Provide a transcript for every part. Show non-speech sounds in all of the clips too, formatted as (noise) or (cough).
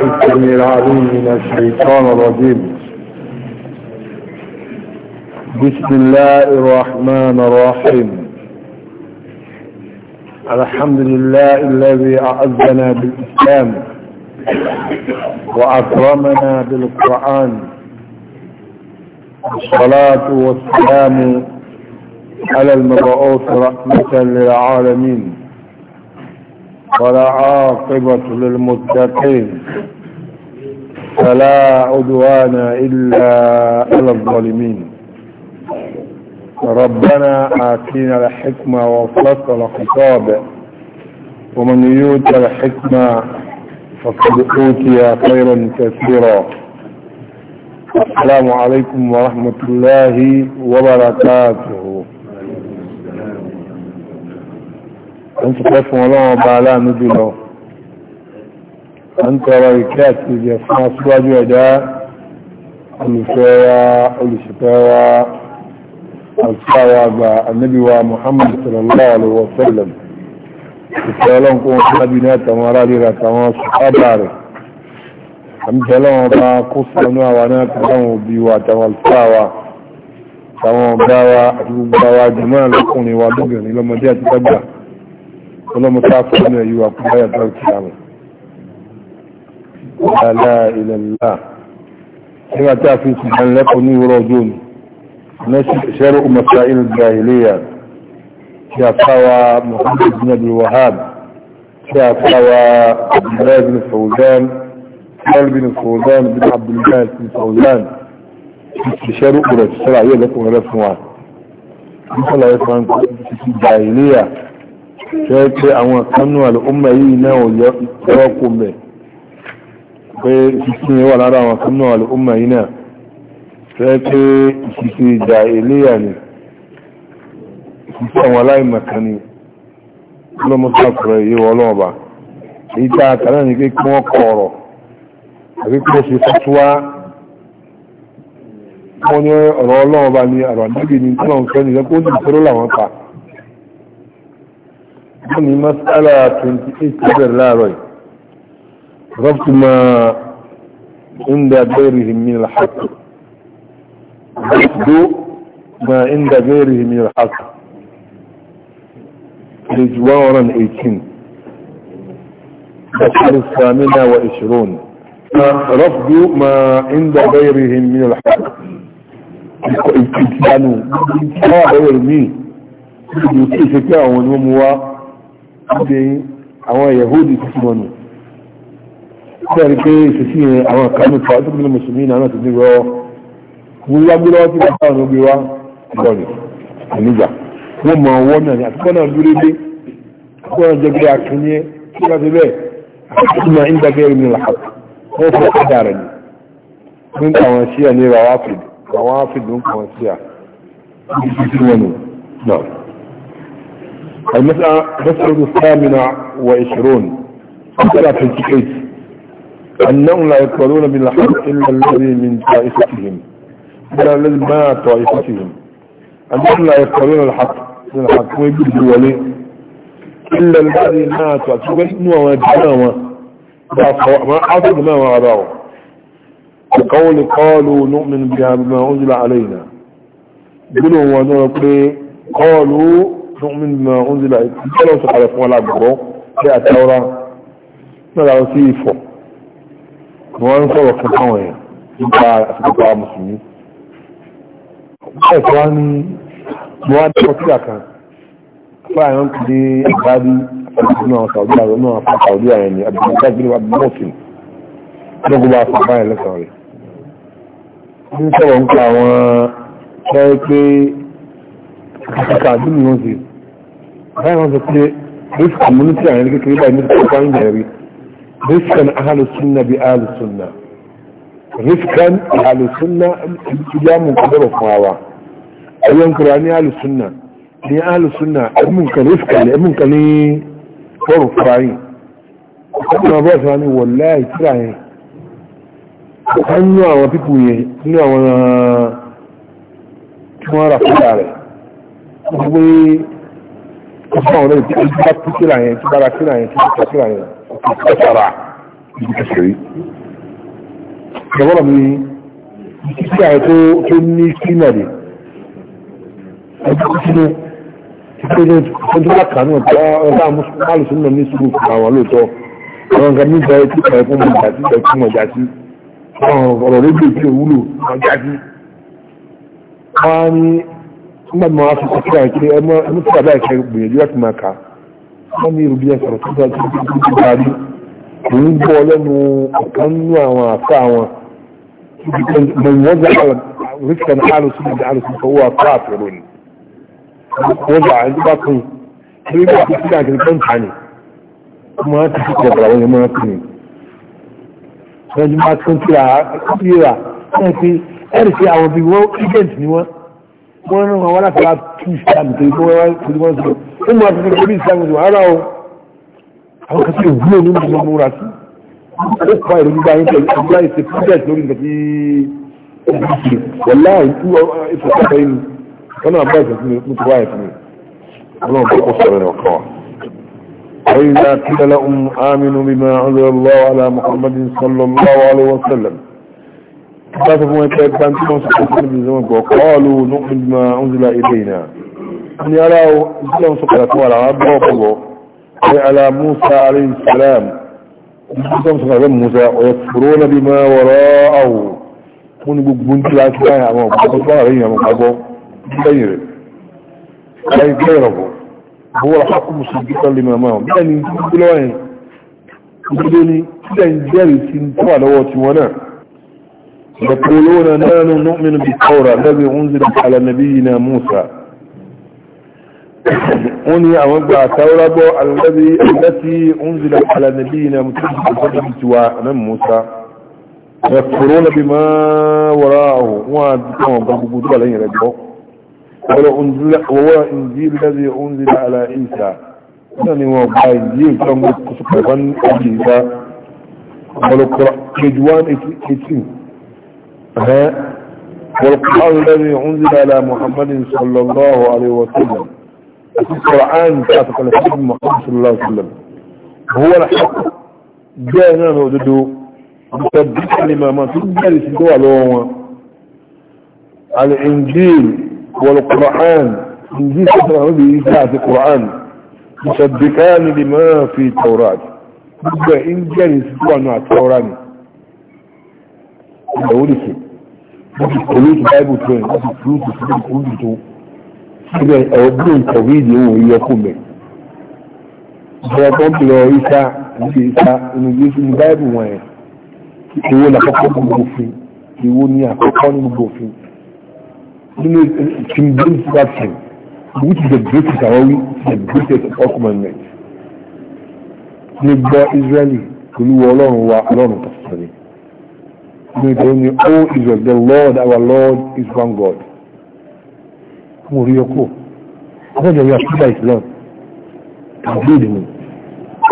السميع العليم من الشيطان الرجيم بسم الله الرحمن الرحيم الحمد لله الذي أعزنا بالإسلام وأكرمنا بالقرآن الصلاة والسلام على المبعوث رحمة للعالمين ولا عاقبة للمتقين فلا عدوان إلا على الظالمين ربنا آتينا الحكمة وفصل الخطاب ومن يؤت الحكمة فقد أوتي خيرا كثيرا السلام عليكم ورحمة الله وبركاته wọ́n ti pẹ́ fún ọlọ́wọ́ bá aláàánú jùlọ wọ́n tọrọ ìkẹ́ àti ìjẹ fún aṣíwájú ẹ̀dá olùfẹ́ra olùsìfẹ́ra àṣíwájú àgbà annabiwa muhammad sallallahu alaihi wasallam ìfẹ́ ọlọ́nkún lábí ní àtàwọn ará rí àtàwọn sọ́bà rẹ̀ àmìfẹ́ ọlọ́wọ́ bá kó sánú wa àti gbogbo àwa jùmọ́ lọ́kùnrin wa lóbìnrin lọ́mọdé àti dàgbà ولما تعرف أن أيها قبايا دارك العمل لا لا إلى الله كما تعرف سبحان لكني ورودون شرع مسائل الجاهلية شافوا محمد بن أبي الوهاب شافوا عبد بن فوزان قال بن فوزان بن عبد الله بن فوزان شرع رسول الله لكم رسول الله الله في الجاهلية ṣe é pé àwọn kanú àlùmọ̀ yìí náà ò yọ kó mẹ́ pé ìsìnkú wà lára àwọn kanú àlùmọ̀ yìí náà ṣe é pé ìsìnkú ìjà ìléyà ni ìsìnkú àwọn aláìmọ̀kan ni lọ́mọ́sá kọ̀rọ̀ èyí wọ́n lọ́wọ́ èyí tá a kàrẹ́ ní kí wọ́n kọ̀ọ̀rọ̀ àbí kí wọ́n ṣe fatuwa wọ́n ní ọ̀rọ̀ ọlọ́wọ́ bá àrọ̀ àdébì ní tí wọ́n fẹ́ nìyẹn kó ní ìṣòro làwọn ta ní masala 28 لا رأي ربط ما عند غيرهم من الحق ربط ما عند غيرهم من الحق رجوارا 18 بشر الثامنة وعشرون رفض ما عند غيرهم من الحق ìkọ̀ìkìtìyànù ìkọ̀ àwọn ẹ̀mí ìlú tí ìdè àwọn yahudi ti fi mọ́nu bẹ́ẹ̀ pé ìṣesí yẹn àwọn kanu fa tó bí mùsùlùmí náà ti ní rọ wọ́n wá gbé lọ́wọ́ tí wọ́n bá wọn gbé wá lọ́ọ̀lì àníjà wọ́n mọ ọwọ́ náà ni àtúkọ́ náà dúró dé àtúkọ́ náà jẹ́ pé akínyẹ tí wọ́n ti bẹ́ẹ̀ àtúkọ́ náà ń dàgbé ẹ̀rù nílà wọ́n fọ́ ọ̀dà rẹ̀ ni nípa àwọn ṣíà ní ìwà wáfìdì àwọn wáfìdì ń kọ́ wọn ṣíà ní ìṣesí wọn nù náà. المسألة مسألة الثامنة وعشرون مسألة في أنهم لا يقبلون من الحق إلا الذي من طائفتهم إلا الذي ما طائفتهم أنهم لا يقبلون الحق الحق ويبدو ولي إلا الذي ما طائفتهم وما ما حصل ما وعداه القول قالوا نؤمن بها بما أنزل علينا قلوا ونرى قالوا نؤمن بما أنزل إليك قالوا سبحانه وتعالى بقرأ في التوراة ما قالوا سيفو wọ́n ń sọ̀rọ̀ kan táwọn èèyàn nípa àtìkọ́kọ́ àwọn mùsùlùmí ẹ̀kọ́ wá ní wọ́n dákọ̀ tí àkàn fún àwọn kìdé àgbáàdì àtìkọ́kọ́ àwọn sàwọ́dí àwọn náà fún sàwọ́dí àwọn ni àbíkọ́gbìnrin àbíkọ́sìn lọ́gbọ́n bá fún báyìí lẹ́sàn rẹ̀ ń sọ̀rọ̀ ń pa àwọn ẹgbẹ́ àkàkà àdúgbò wọn sí báwọn sọ pé rísíkà múnítì àwọn ẹni kékeré báyìí nítorí wọn ń yẹrí rísíkà ní ahalu sunna bí ahalu sunna rísíkà ní ahalu sunna ìyá mú kúrò fún wa ayọ́n kúrò ní ahalu sunna ní ahalu sunna ẹ̀mú nǹkan rísíkà ní ẹ̀mú nǹkan ní kúrò fún wa yìí ọkùnrin ọba ọ̀sán ni wọ̀láì tíra yẹn ọ̀kan nínú àwọn pípù yẹn nínú àwọn uh, tí wọ́n rà fúlà rẹ̀ wọ́n gbé ọ̀sán ọ̀rẹ́ ìdí bá tú síra yẹn tí bára síra yẹn tí bá tọ́ síra yẹn ọ̀sán sára ìdí kẹsẹ̀ rí. ìjọba mi ti sí àyè tó tó ní sínà dé ọjọ́ sínú títí ní ọjọ́ àkànú ọ̀tọ́ ọ̀gá mùsùlùmí sínú ní sùúrù fún àwọn lóòótọ́ àwọn nǹkan nígbà tí kò ẹ̀kún mọ̀ jà sí ẹ̀kún mọ̀ jà sí ọ̀rọ̀ rédíò tí ò wúlò mọ̀ wọ́n á ní ثم ما في تكرار كده اما متبع بقى كده بيجيك ما كان wọ́n ní ìrùbí ẹ̀sọ̀rọ̀ tó bá ti kú tó darí èyí ń bọ́ lẹ́nu ọ̀kan nínú àwọn àfẹ́ àwọn mọ̀nyọ́jà ríkẹ̀ ní àlùsí ìdí àlùsí tó wà fún àpẹẹrẹ ni wọ́n gbà ẹni bá kún ní ìgbà tó sílẹ̀ àti nǹkan ọmọ wọn ti kíkọ̀ àwọn ọmọ wọn ní. wọ́n máa tún tíra ẹ̀rí sí àwọn bí wọ́n agent ni wọ́n wọ́n ní wọn wọ́n láti ra tú tó ikú wọ́n tó wọ́n sọ ó mú àti tó ìsìlámù tó ara o àwọn kan sí ní ìlú wọn múra sí ó kọ́ ìlú gbígbá yín pẹ̀lú ọgbà ìṣe project lórí nǹkan tí ó bí ṣe wọ̀lá ìtú ìfọ̀sọ̀tọ̀ yìí wọn náà bá ìṣẹ̀ sí mi tó wáyé fún mi wọn náà bá kó sọ̀rọ̀ rẹ̀ ọ̀kan بما أنزل الله على محمد صلى الله عليه وسلم láti fún ẹgbẹ́ ẹgbẹ́ tí wọ́n sọ̀rọ̀ sí níbi ìzọ́mọ̀ gbọ́ kọ́ọ̀lù nùkùn ma ń zula ilé ìnà ní ara ìdílé ń sọ̀rọ̀ fún ara wọn bọ́ ọ̀pọ̀ ṣe ala musa alayhi salam ìdílé ń sọ̀rọ̀ fún musa ọ̀yọ̀ fúró na bí ma wọ̀rọ̀ àwò fún ní gbogbo ń tila sí láyé àwọn àwọn ọ̀pọ̀ lẹ́yìn rẹ̀ láyé bẹ́ẹ̀ rọ̀bọ̀ bó wà hákù يقولون نحن نؤمن بالتوراة الذي أنزلت على نبينا موسى (coughs) أني أوزع بالتوراة الذي التي أنزلت على نبينا محمد موسى يكفرون بما وراءه وعندهم بقبضوا عليه رجعوا ولو أنزل وهو إنجيل الذي أنزل على عيسى يعني هو إنجيل كان قصة عيسى ولو قرأ جدوان 18 والقرآن الذي أنزل على محمد صلى الله عليه وسلم القرآن تعتقل الحب محمد صلى الله عليه وسلم هو الحق جاءنا نودده مصدقا لما ما في سنتوى لهم الإنجيل والقرآن إنجيل سترى به إساعة القرآن مصدقان لما في التوراة إنجيل ستوى مع التوراة ìyàwó lè ṣe wọ́n ti kọ̀wé ìtù báìbù tó yẹn wọ́n ti fún ìtù sí ìtù kúrú tó síbẹ̀ ẹ̀wọ̀n bí òun kọ̀wé ìdí òun yẹ kó mẹ́. ìjọba tó ń bèrè ìṣá ìṣe ìṣá inú Jésù ní báìbù wọn yẹn ìwọ ní àkọ́kọ́ gbogbo òfin ìwọ ní àkọ́kọ́ ní gbogbo òfin nínú King James Version which is the greatest àwọn wí the greatest of all commandments. ní gbọ́ Israeli olúwa ọlọ́run wa ọlọ́run pàṣẹ ní ìdóni ó Israel the Lord our Lord is one God mo rí ọkọ ọjọ́ ìyá ṣúgbà Islam tàbí ìdìmọ̀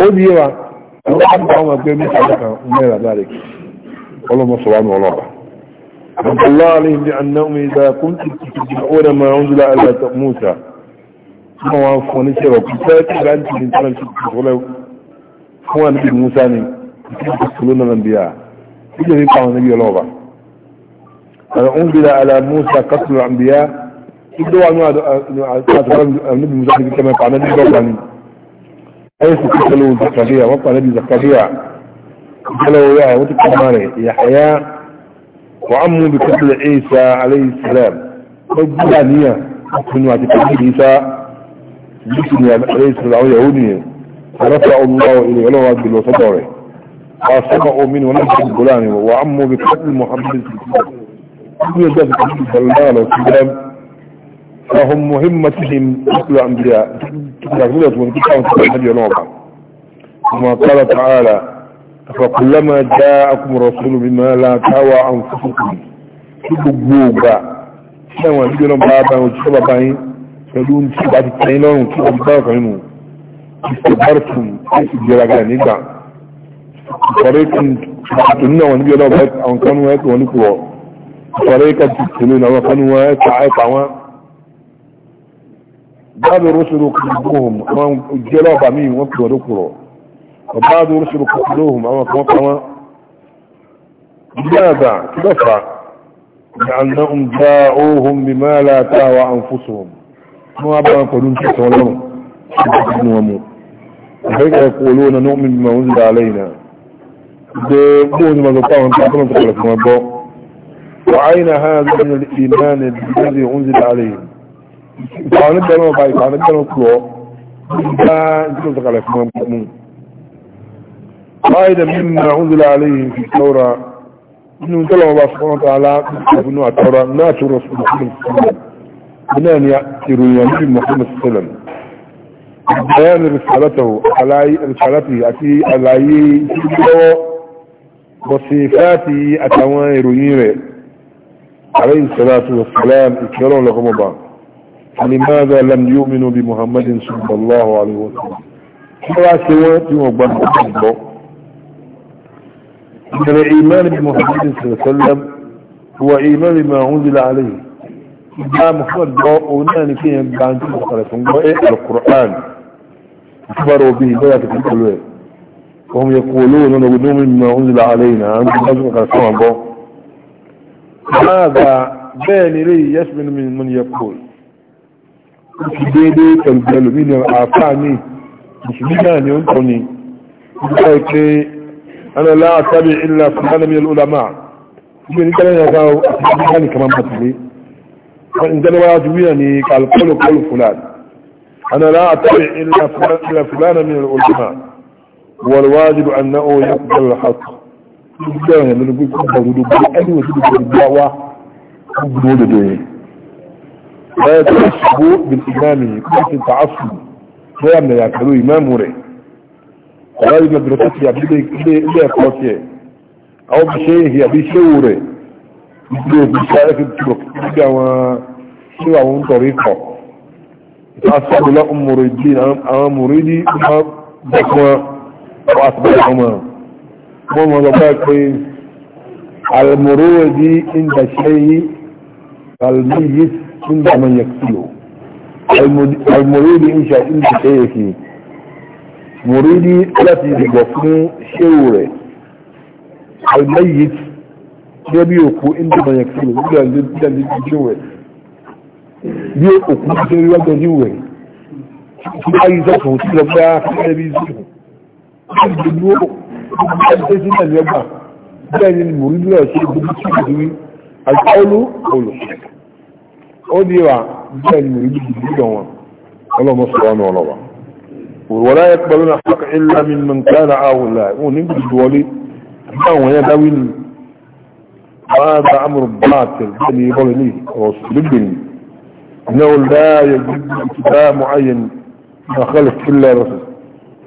ó di yẹwa àwọn àgbà ọmọ ẹgbẹ́ mi àdàkà mẹ́ra dáre ọlọ́mọ sọ̀rọ̀ ní ọlọ́ba الله عليهم بأنهم إذا كنتم تتبعون ما أنزل على موسى ما وافقوني شرع كتاب أنت من سنة تقولوا هو نبي موسى تقتلون الأنبياء إذا يبقى النبي لوبا أنزل على موسى قتل الأنبياء إذا ان النبي مزحف كما يفعل النبي لوبا حيث قتلوا زكريا وقع النبي زكريا قتلوا يا يا حياء وعموا بقتل عيسى عليه السلام فبدا نية من وقت قتل عيسى جسم عليه السلام يهودي فرفع الله إليه ولو عبد الله صدره وسمعوا من نفس الجولاني وعمه بقتل محمد كل ذلك صلى الله فهم مهمتهم قتل الأنبياء تقررت وانتقام الحج نوبة كما قال تعالى فكلما جاءكم رسول بما لا تهوى أنفسكم تبقوبا سوى يجينا بابا وتسبب باين فلون تسبب التعين لهم تسبب باقعين استبرتم في الجراغان يقع إيه طريقا تقتلون ونبي لو بيت أو كانوا يأتوا ونكوا طريقا تقتلون أو كانوا يأتوا عيطا بعض الرسل قتلوهم أما جلوا بعمين وقتوا ونكوا وبعض الرسل قتلوهم أما كما لماذا تدفع لأنهم جاءوهم بما لا تهوى أنفسهم ما أبقى يقولون شيء ولهم يقولون نؤمن بما أنزل علينا بقول ما ذكرهم تعطون تقلق ما بقى وعين هذا من الإيمان الذي أنزل عليه فعند دلو باي فعند دلو كلو لا انتم تقلق ما مؤمن قائدا مما أنزل عليهم في التوراة إنه انتلوا الله سبحانه وتعالى ابنوا التوراة ناتوا رسول محمد صلى الله عليه وسلم بنان يأتروا ينبي محمد صلى الله عليه وسلم بيان رسالته على رسالته أتي على يسلوه وصفاته أتوان روينه عليه الصلاة والسلام اكرروا لكم بعض فلماذا لم يؤمنوا بمحمد صلى الله عليه وسلم حرا سوات يوبان الله إن الإيمان بمحمد صلى الله عليه وسلم هو إيمان بما أنزل عليه إذا محمد دعوناني كي يبقى عن تلك القرآن القرآن اخبروا به بلا تتكلوه وهم يقولون نقدم مما أنزل علينا هذا بين لي يسمن من من يقول مش بيدي كالبلو مين يعطاني مش مين ينطني أنا لا أتبع إلا سبحان من العلماء من كان يقول أتبعني كمان بطلي فإن كان يجويني قال قولوا قولوا فلان أنا لا أتبع إلا فلان من العلماء والواجب أنه يقبل الحق كان من يقول كبه أي وسيد الدعوة كبه ودبه لا يتعصبوا بالإمام كيف تعصب لا يمنع يعتبروا إمام وري ولا المدرسة يعبده إلا يقوتيه أو بشيء يعبي شيء وري يقولوا بشارك عن طريقه يتعصب لهم مريدين أمام مريدي أمام ذكوان وأصبح عمر ماما ضباك المروج عند الشيء الميت عند من يقتله المريد إن شاء عند شيء مريدي التي يقفون شيوره الميت يبي يقفو عند من يقتله إلا عند شيوره bí òkú tó rí wájú ojú rẹ̀ tí ó bá yí sọ́kùn tí lọ bá ẹbí sọ́kùn ìdìbò ìdíjẹ́sí náà lẹ́gbà bẹ́ẹ̀ ni mò ń lọ sí ìdìbò tí kò rí àjọ́lú olù ó ní wa bẹ́ẹ̀ ni mò ń lọ sí wọn ọlọ́mọ sọ̀rọ̀ ní ọlọ́wà òwòrán yẹ pẹ̀lú náà fọ́kà ilá mi mọ̀ nǹkan náà àwọn ọ̀la wọn ní gbèdú wọlé bí àwọn yẹn dáwí ni máa bá amúrù bá àtẹ̀lẹ́ bẹ́ẹ̀ ni bọ́ọ̀lù ní ọ̀sùn lóbìn ní ọ̀la yẹ gbèdú ìtìbá mọ́ àyẹn ní àkọlù fúnlẹ̀ rẹ̀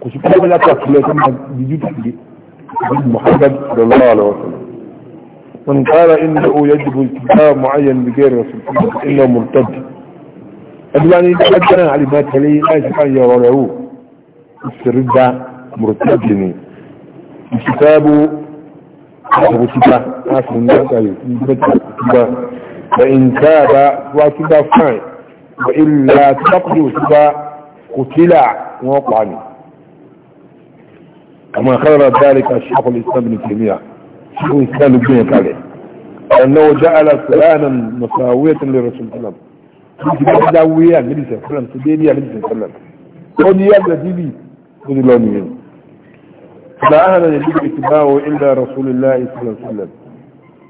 kò لك pé bẹ́lá محمد صلى الله عليه وسلم من قال إنه يجب اتباع معين بغير رسول الله إنه مرتد أدوان إذا أجرى على ما تلي لا يشفى يرونه مرتد مرتدني الكتاب أبو سبا أصل الناس أيوه فإن تاب واتبا فاين وإلا تقضي سبا قتلا وقعني كما قرر ذلك الشيخ الإسلام بن تيمية شيخ الإسلام بن عليه أنه جعل فلانا مساوية للرسول صلى الله عليه وسلم النبي صلى الله عليه وسلم سبيلية النبي صلى الله عليه وسلم ديبي خذ الله مهم فلا أهلا يجب اتباعه إلا رسول الله صلى الله عليه وسلم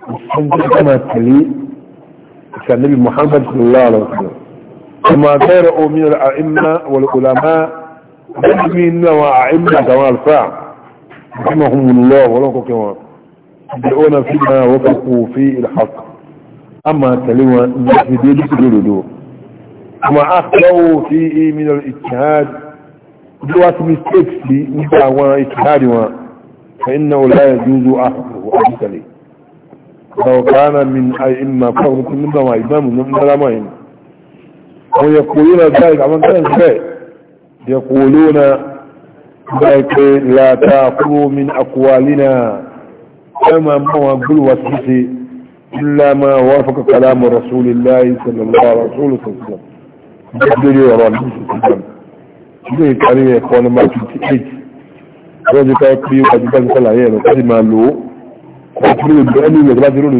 السنجل كما تلي كان النبي محمد صلى الله عليه وسلم كما غير من الأئمة والعلماء من وأئمة كما الفاعل رحمهم الله ولو كما يدعون فيما وفقوا في الحق أما كلمة نحن دي وما أخلوا فيه من الاجتهاد دوات مستيكس لي نبع واجتهاد فإنه لا يجوز أخذه أبسلي لو كان من أئمة فرضة من دماء إمام من دمائهم ويقولون ذلك عمان كان يقولون báyìí la ta'kulu min aqwalina ẹ máa mọ́ wọn gbúrú wa ti ṣe illa ma wafaqa kalamu rasulillahi sallallahu alaihi wasallam gbẹ́gbẹ́rẹ́ ọ̀rọ̀ alẹ́sọ̀sọ̀sọ̀sọ̀ ilé ìkàrí ẹ̀kọ́ nọmba 28 wọ́n ti káyẹ́ pé wájú bá ń sàlàyé ẹ̀rọ láti máa lò ó kọ̀ọ̀kúrò ìlú ẹni ìlú ẹ̀dá ti rólòdó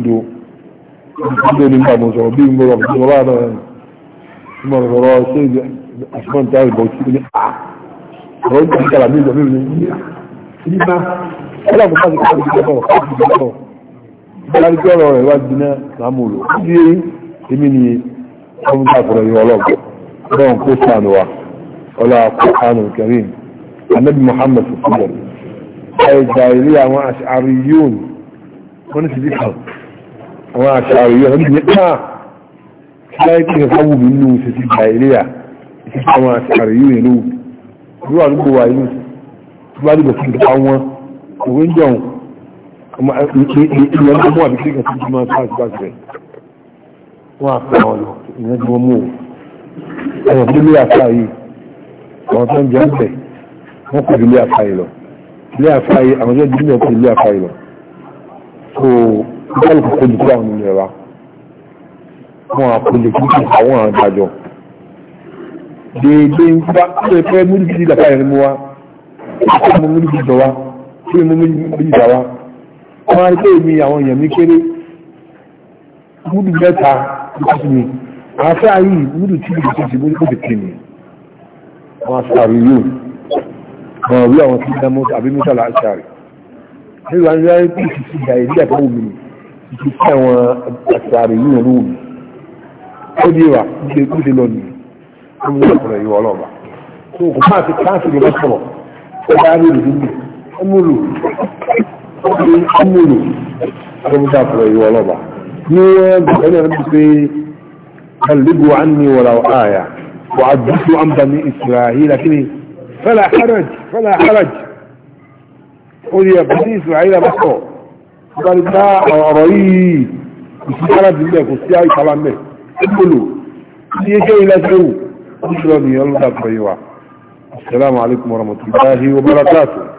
ìdílé ní sí ní à ah! ọ̀rọ̀ ìgbà ìjọba mi ìjọba mi ìjọba mi bá ọ̀rọ̀ àbúkà ti kọ́ ìjọba bọ̀ káàkiri ìjọba bọ̀ ìjọba ti kọ́ ọ̀rọ̀ rẹ̀ wá gbiná láàmú lò ó di èmi ni ọmọ bá fọ̀rọ̀ yìí ọlọ́gbọ̀ ọlọ́run kó sànù wa ọlọ́ àkókò kẹrin anabi muhammad sọ̀tọ̀ ẹ̀ gba ilé àwọn aṣáárí yóò wọ́n ti di kan àwọn aṣáárí yóò ti di kan láì kí n fáwọn obìnrin ti gba ilé à ìṣẹ́ àwọn aṣáárí ìlú àdúgbò wa ìlú tó bá dìbò fún ìdá wọn òwe ń jẹun ìyẹn tó mú àbíkí kan tó máa bá àti bàtì rẹ̀ wọ́n á pẹ́ àwọn lọ ìyẹn tí mú o ẹ̀yàn tó lé àfáà yìí àwọn tó ń jẹun bẹ̀ wọ́n kò ju lé àfáà yìí lọ ilé àfáà yìí àwọn tó ń jẹun kò ju lé àfáà yìí lọ so ìgbàlùkù kò jù kúrò àwọn ènìyàn wa wọ́n á kò lè kí àwọn àdájọ́ déédéé ń fa kí ẹ fẹ́ múlùú ti dàgbà yẹn mú wa kí ẹ mú múlùú ti dọ̀ wa kí ẹ mú múlùú ti dà wa wọn á rí pé èmi àwọn èèyàn mi kéré múlùú mẹ́ta ló ti mi àáfẹ́ ayé múlùú ti dì kejì múlùú kò tètè mi wọn á sàrò yóò wọn wí àwọn tí ń dá mọ́tò àbí mọ́tò àlàáṣàrì nílùú àwọn ìyá ẹgbẹ́ ìsìsì ìgbà ìdí àtọ́wò mi ìsìsì àwọn àṣàrì yóò lówó mi ó dé wà ní ṣe lọ nìyí ọmọ ìwọ̀n ìwọ̀ ọlọ́ọ̀bà tó kò máa ti káàkiri lọ sọ̀rọ̀ ọba ní ìlú ọmọlù ọmọlù ọmọlù ìwọ̀ ọlọ́ọ̀bà ní ẹni ẹni pé kàlíbù ánì wọ̀lá àyà wà á dúkú àmbà ní ìsìláhìlá kí ni fẹ́lá haraj fẹ́lá haraj ó ní ẹ̀kọ́ ní ìsìláhìlá bá sọ̀ ọba ní ká ọ̀rọ̀ yìí ìsìláhìlá bí mẹ́ kò sí àìkàlá mẹ́ ọmọlù ní ẹjọ́ ilẹ̀ sẹ́wù شكرا يلا طيب. السلام عليكم ورحمة الله وبركاته